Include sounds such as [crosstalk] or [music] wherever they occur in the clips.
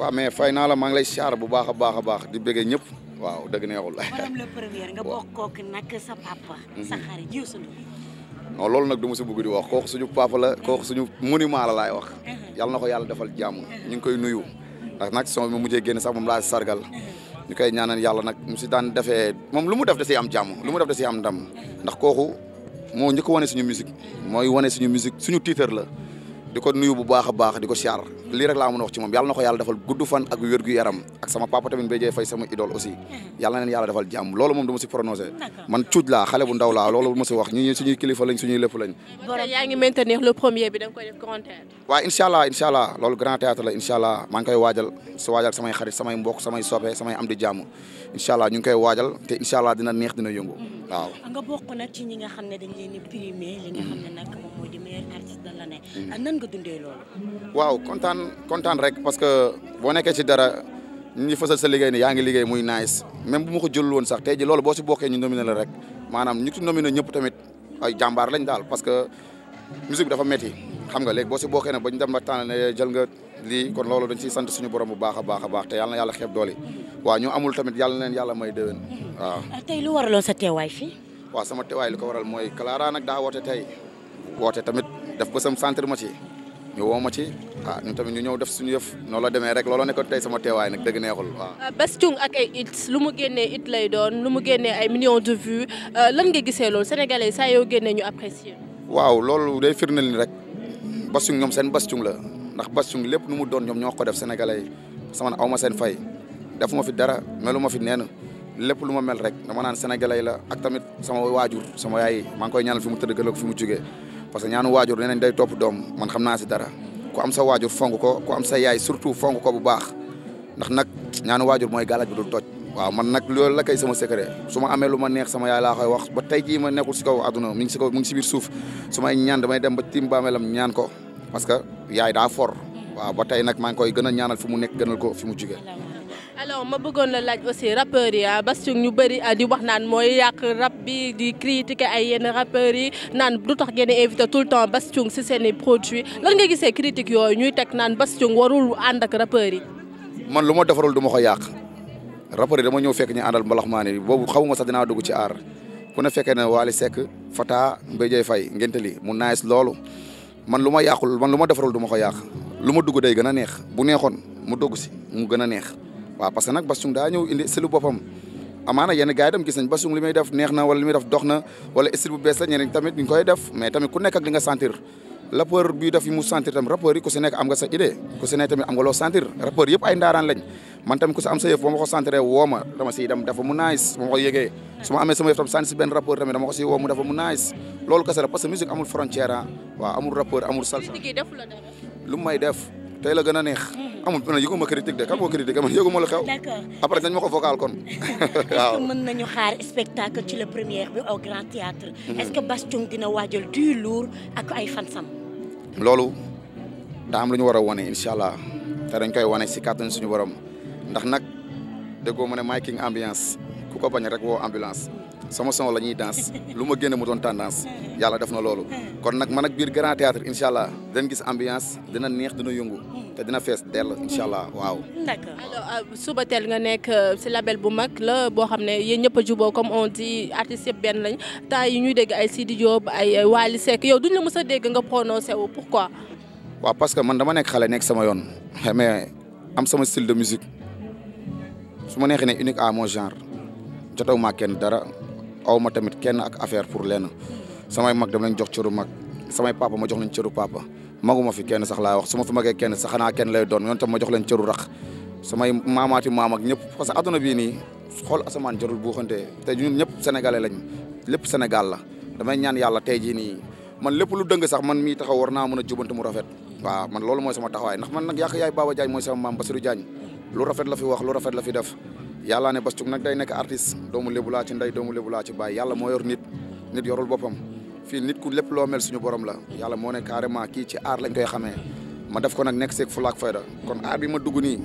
waaw mais fay naa la maa ngi lay siyaar bu baax a baax a baax di bëggee ñëpp waaw dagg neexul. maanaam le premier nag sa mhm. du ma si bëgg di wax kooku suñu papa la kooku suñu monument la laay wax. Mhm. yàlla na ko yàlla defal jàmm mhm. ñu ngi koy nuyu. ndax nag son bi mujjee génn sax moom laa sargal. ñu koy ñaanal yàlla nag mu si daan defee moom lu mu def da siy am jàmm lu mu daf da si am ndam ndax kooku moo njëkk wane suñu musique mooy wane suñu musique suñu titre la. di ko nuyu bu baax a baax di ko siyaar lii rek laa mën a wax ci moom yàlla na ko yàlla defal gudd fan ak wér gu yaram ak sama papa tamit béjee fay sama idole aussi mhm. yàlla na leen yàlla defal jàmm loolu moom du ma si prononcé man cuuj laa xale bu ndaw laa loolu ma si wax ñu suñuy kilifa lañ koy def grand théâtre waaw incha allah incha allah loolu grand am di jàmm incha allah ngi koy waajal te incha allah dina neex dina yëngu mhm. artiste de l'année mm. nan nga dundee loolu. waaw kontaan kontaan rek parce que boo nekkee ci dara ñi fësal sa liggéey ni yaa ngi liggéey muy nice même bu ma ko jëlul woon sax tey ji loolu boo si bokkee ñu nominé la rek maanaam ñu ci nominé ñëpp tamit ay jàmbaar lañ daal parce que musique bi dafa métti xam nga léegi boo si bokkee nag ba ñu dem ba tànn ne jël nga lii kon loolu dañ ciy sant suñu borom bu baax a baax a baax te yàlla na yàlla xeeb doole waaw ñu amul tamit yàlla na leen yàlla may déwén mm-hmm. waaw. Ah, tey lu waraloon sa teewaay fii. waaw sama teewaay li ko waral mooy Clara nag daa woote tey woote tamit def ko sam centre ma ci ñu woo ma ci ah ñun tamit ñu ñëw def suñu yëf noo la demee rek looloo nekkoon tey sama teewaay nag dëgg neexul waaw. Euh, Bass Thioung ak it lu mu génnee it lay doon lu mu génnee ay millions de vues euh, lan nga gisee loolu sénégalais saa yoo génnee ñu apprécier. waaw loolu day firndeel ni rek Bass ñoom seen Bass la ndax Bass lépp nu mu doon ñoom ñoo ko def sénégalais yi sama aw ma seen fay defu ma fi dara melu ma fi nee na lépp lu ma mel rek dama naan sénégalais la ak tamit sama waajur sama yaay maa ngi koy ñaanal fi mu tëdd gëloo ko fi mu jugee. parce que ñaanu waajur nee nañ day topp doom man xam naa si dara ku am sa waajur fonk ko ku am sa yaay surtout fonk ko bu baax ndax nag ñaanu waajur mooy gàllaaj bu dul toj waaw man nag loolu la kay sama secret su ma amee lu ma neex sama yaay laa koy wax ba tey jii ma nekkul si kaw àdduna mi ngi si kaw mi ngi si biir suuf su may ñaan damay dem ba tim baameelam ñaan ko parce que yaay daa for waaw ba tey nag maa ngi koy gën a ñaanal fi mu nekk gënal ko fi mu jugee alors ma bëggoon la laaj aussi rappeurs yi ah, bas ñu bëri ah, di wax naan mooy yàq rap bi di critiquer ay yenn rappeurs yi naan du tax ngeen invité tout le temps Bass si seeni i la lan nga gisee critiques yooyu ñuy teg naan Bass Thioung warul ànd ak rappeurs yi. man lu ma defarul du ma ko yàq rappeurs dama ñëw fekk ñu àndal mbalax maa ne boobu xamuma sax dinaa dugg ci aar ku ne fekkee ne Wally Seck Fata Mbaye Dieye Faye li mu naaj loolu man lu ma yàqul man lu ma defarul du ma ko yàq lu ma dugg day gën a neex bu neexoon mu dugg si mu gën a neex. waaw parce que nag Bassirou daa ñëw indi style boppam amaana yenn gars yi dem gis def neex na wala li muy def dox na wala style bees la tamit ñu koy def mais tamit ku nekk ak li a sentir rappeur bi daf yi mu sentir tamit rappeur yi ku si am nga sa idée ku si nekk tamit am nga loo sentir rappeur yëpp ay ndaaraan lañ man tamit ku si am sa yëf ba ma ko sentiree woo ma dama siy dem dafa mu nice ba ma ko yëgee su ma amee sama yëf tam sentir benn rappeur tamit dama ko si woo dafa mu nice loolu kese la musique amul frontière ah lu may def tey la gën neex hmm. amul man yëguma critique de kan moo critique man yëguma lu ma ko vocal kon. [laughs] waaw est-ce que mën nañu xaar spectacle ci la première bi au Grand Théâtre mhm. est-ce que Bass Thioung dina waajal du lourd ak ay fansam. loolu daa am lu ñu war a wane incha allah te dañ koy wane si kàttan suñu waram ndax nag déggoo ma ne making ambiance ku ko bañ rek woo ambulance sama son la ñuy danse [laughs] lu ma génne mu doon tendance [laughs] yàlla def na loolu kon nag man ak biir grand théâtre incha allah dinañ gis ambiance dina neex dina yëngu. Hmm. te dina fees dell incha allah waaw. d'accord euh, suba teel nga nekk ci euh, label bu mag la boo xam ne yéen ñëpp a comme on dit artistes yëpp benn lañ temps yi ñuy dégg ay Sidi Diop ay euh, Wally Seck yow duñ la mës a dégg nga prononcé pour pourquoi. waaw parce que man dama nekk xale nekk sama yoon mais am sama style de musique su ma neexee ne unique à mon genre jotaw ma kenn dara aw ma tamit kenn ak affaire pour lenn samay mag dama lañ jox cëru mag samay papa ma jox nañ cëru papa. maguma fi kenn sax laa wax su ma fi magee kenn sax xanaa kenn lay doon yoon tam ma jox leen cëru rax samay maamaati maam ak ñëpp parce que adduna bii nii xool asamaan jarul buuxante te ñun ñëpp sénégalais lañ lépp Sénégal la damay ñaan yàlla tey jii nii man lépp lu dëng sax man mii taxaw war naa mën a jubante mu rafet waaw man loolu mooy sama taxawaay ndax man nag yàq yaay Baba Diagne mooy sama maam Bassirou Diagne lu rafet la fi wax lu rafet la fi def yàlla ne Bass Thioung nag day nekk artiste doomu lébu laa ci ndey doomu lébu laa ci baay yàlla moo yor nit nit yorul boppam fii nit ku lépp loo mel suñu borom la yàlla moo ne carrément kii ci aar lañ koy xamee ma def ko nag nekk seeg fulaak fayda kon aar bi ma dugg nii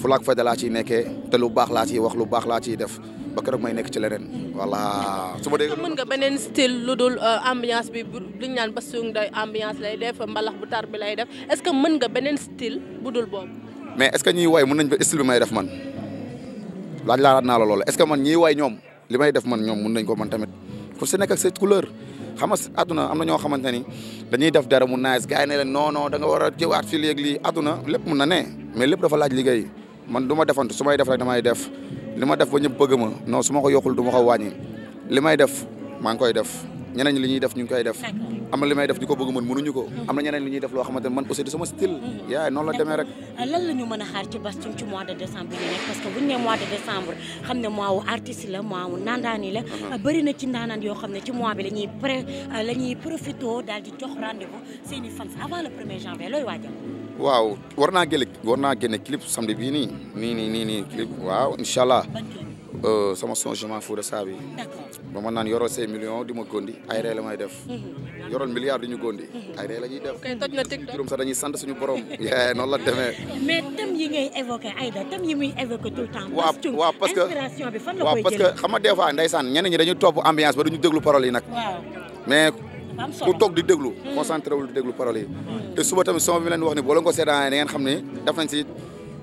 fulaak fayda laa ciy nekkee te lu baax laa ci wax lu baax laa ciy def ba keroog may nekk ci leneen voilà. su ma dégg mën nga beneen style lu dul euh, ambiance bi bu ñu naan ba suung day ambiance lay def mbalax bu tar bi lay def est-ce que mën nga beneen style bu dul boobu. mais est-ce que ñiy way nañ ba style bi may man laaj laalaat na la loolu est que man ñiy way ñoom li may def man ñoom mën nañ ko man tamit ku si xam nga àdduna am na ñoo xamante ni dañuy def dara mu nice gars yi ne leen non non da nga war a jëwaat fii léegi lii àdduna lépp mun na ne mais lépp dafa laaj liggéey man duma ma defantu su may def rek damay def li ma def ba ñëpp bëgg ma non su ma ko yokkul du ma ko wàññi li may def maa ngi koy def ñeneen ñi li ñuy def ñu ngi koy def am na li may def ñu ko bëgg mën mënuñu ko am na ñeneen li ñuy def loo xamante ne man aussi du sama style mm-hmm. yaay noonu la demee rek lan la ñu mën a xaar ci Bastion ci mois de décembre yi nekk parce que buñ ne mois de décembre xam ne mois wu artiste la mois wu nandaan yi la mm-hmm. bëri na ci ndaanaan yoo xam ne ci mois bi la ñuy pré euh, la ñuy profité daal di jox rendez-vous seen i fans avant le premier janvier looy waajal waaw war naa génne war naa génne clip samedi bii nii nii nii nii nii waaw incha allah Euh, sama changement Fouta Saabi ba ma naan yoroo say millions di ma gondi ay ree la may def mhm. yorol milliards di ñu gondi ay ree la ñuy def toj na TikTok juróom sax dañuy sant suñu borom noonu la demee mais thème que inspiration bi que xam nga des fois ndeysaan ñeneen ñi dañu topp ambiance ba duñu déglu parole yi nag mais ku tog di déglu hmm. concentré wul di déglu parole yi hmm. te suba tamit sama bi leen wax ni boo la ko seedaanee xam ne def nañ si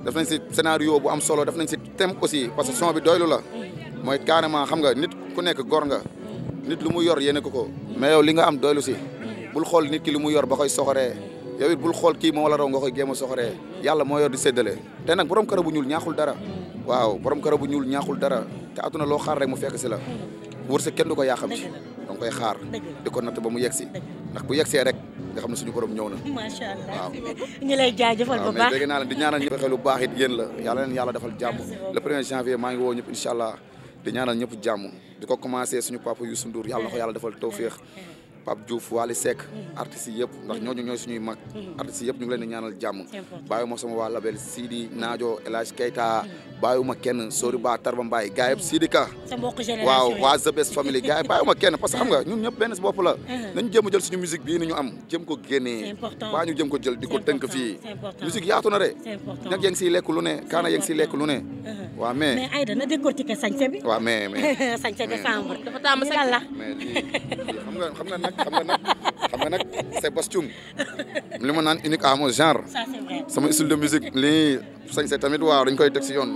def nañ si scénario bu am solo def nañ si thème aussi parce que son bi doylu la mooy carrément xam nga nit ku nekk gor nga nit lu mu yor yéene ko ko mais yow li nga am doylu si bul xool nit ki lu mu yor ba koy soxoree yow it bul xool kii moo la nga koy géem a soxoree yàlla moo yor di séddale te nag borom kër bu ñuul ñaaxul dara waaw borom kër bu ñuul ñaaxul dara te àdduna loo xaar rek mu fekk si la wërsëg kenn du ko yaa si nga koy xaar di ko ba mu yegsi ndax bu yegsee rek nga xam ne suñu borom ñëw na waaw ñu lay jaajëfal bu baax dégg naa leen di ñaanal ñëpp xelu baax it yéen la yàlla leen yàlla defal jàmm le premier janvier maa ngi woo ñëpp incha allah di ñaanal ñëpp jàmm di ko commencé suñu papa Youssou Ndour yàlla na ko yàlla defal tawféex Pape Diouf Waly Seck mm-hmm. artistes yi yëpp ndax ñooñu suñuy mag mm-hmm. yëpp ñu ngi leen di ñaanal jàmm bàyyiwuma sama waa label Sidi mm-hmm. Naajo El Hadj Keita bàyyiwuma kenn Sori Ba Tarba Mbaye gars yëpp Sidi Ka waaw waa The Best Family gars yi bàyyiwuma kenn parce que xam nga ñun ñëpp benn si bopp la nañu jéem a jël suñu musique bii ni ñu am jëm ko génnee baa ñu jëm ko jël di tënk fii musique yaatu na de nag yéen siy lekk ne kaana yéen siy lekk lu ne waaw mais mais Aïda na décortiquer sañse bi waaw mais [laughs] sañse décembre dafa tàmm sañ nga xam nga nag xam nga nag xam nga nag c'est Bass Thioung li ma naan unique à mon genre. sama style de musique lii sañ see tamit waaw dañ koy teg si yoon.